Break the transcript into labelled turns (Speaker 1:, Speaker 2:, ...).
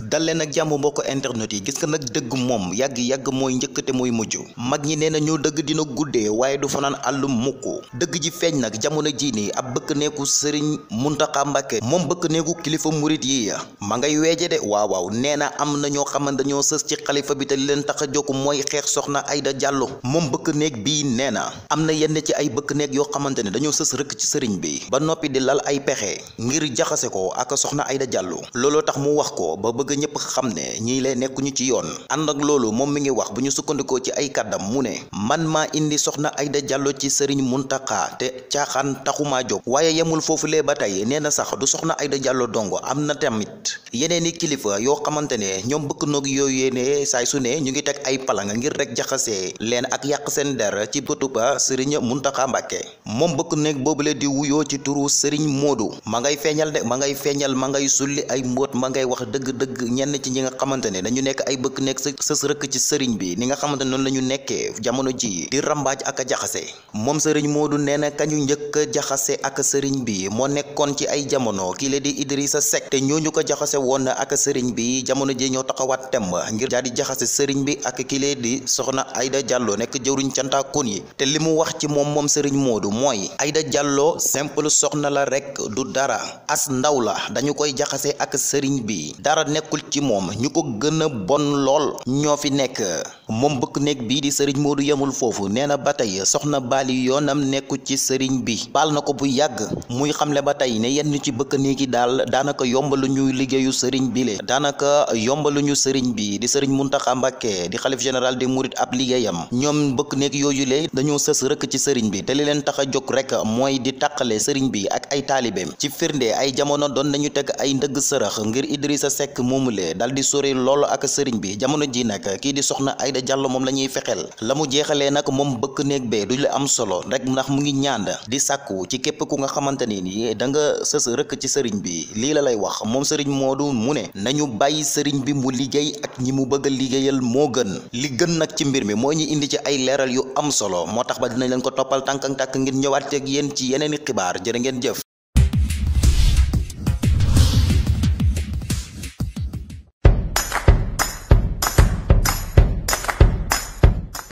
Speaker 1: dal leen ak jàmm mbokk internet yi gis nga nag dëgg moom yàgg yàgg mooy njëkk te mooy mujj mag ñi nee na ñoo dëgg dina guddee waaye du fanaan àllum mukk dëgg ji feeñ nag jamono jii nii ab bëkk neeku sëriñ Muntaxa Mbàkke moom bëkk neeku kilifa murit yi ma ngay weeje de waaw waaw nee na am na ñoo xaman dañoo sës ci xalifa bi te leen tax a jokk mooy xeex soxna Ayda Jàllo moom bëkk néeg bii nee na am na yenn ci ay bëkk neeg yoo xamante ne dañoo sës rëkk ci sëriñ bi ba noppi di lal ay pexe ngir jaxase ko ak soxna Ayda Jàllo bëgg ñëpp xam ne ñii lay nekkuñu ci yoon ànd ak loolu moom mi ngi wax bu ñu sukkandikoo ci ay kàddam mu ne man maa indi soxna Aida Diallo ci Serigne Mountakha te caaxaan taxumaa jóg waaye yemul foofu foofulee ba tey nee na sax du soxna Aida Diallo dong am na tamit yeneeni kilifa yoo xamante ne ñoom bëgg noog yooyu ne saay su ne ñu ngi teg ay palang ngir rek jaxasee leen ak yàq seen der ci bëtuba Serigne Mountakha Mbàkke moom bëgg boobu boobule di wuyoo ci turu Serigne Modou ma dëgg ñenn ci ñi nga xamante ne dañu nekk ay bëkk nekk sa sës rëkk ci sëriñ bi ni nga xamante ne noonu la ñu nekkee jamono ji di rambaaj ak jaxase moom sëriñ Modou nee na kañu njëkk a jaxase ak sëriñ bi moo nekkoon ci ay jamono kii la di Idrissa Seck te ñooñu ko jaxase woon ak sëriñ bi jamono ji ñoo taxawaat temb ngir daal di jaxase sëriñ bi ak kii di soxna Aïda Diallo nekk jëwriñ cantaakun yi te li mu wax ci moom moom sëriñ moodu mooy Aïda jàlloo simple soxna la rek du dara as ndaw la dañu koy jaxase ak sëriñ bi dara nekk nekkul ci moom ñu ko gën a bon lool ñoo fi nekk moom bëkk néeg bii di sëriñ Modou yemul foofu nee na ba tey soxna Bali yoonam nekku ci sëriñ bi baal na ko bu yàgg muy xamle ba tey ne yenn ci bëkk néeg yi daal daanaka yombalu ñu liggéeyu sëriñ bi le daanaka yombalu ñu sëriñ bi di sëriñ Muntaxa Mbàkke di xalif général des mourides ab liggéeyam ñoom bëkk néeg yooyu le dañoo sës rëkk ci sëriñ bi te li leen tax a jóg rek mooy di tàqale sëriñ bi ak ay ci firnde ay moomulee dal di sori lool ak sëriñ bi jamono ji nag kii di soxna Aida Diallo moom la ñuy fexeel la mu jeexalee nag moom bëkk néeg bee du la am solo rek ndax mu ngi ñaan di sàkku ci képp ku nga xamante ni nii da nga sës rëkk ci sëriñ bi lii la lay wax moom sëriñ du mu ne nañu bàyyi sëriñ bi mu liggéey ak ñi mu bëgg liggéeyal moo gën li gën nag ci mbir mi moo ñu indi ci ay leeral yu am solo moo tax ba dinañ leen ko toppal tànk ak tànk ngir ñëwaat ak yéen ci yeneeni xibaar jërë ngeen jëf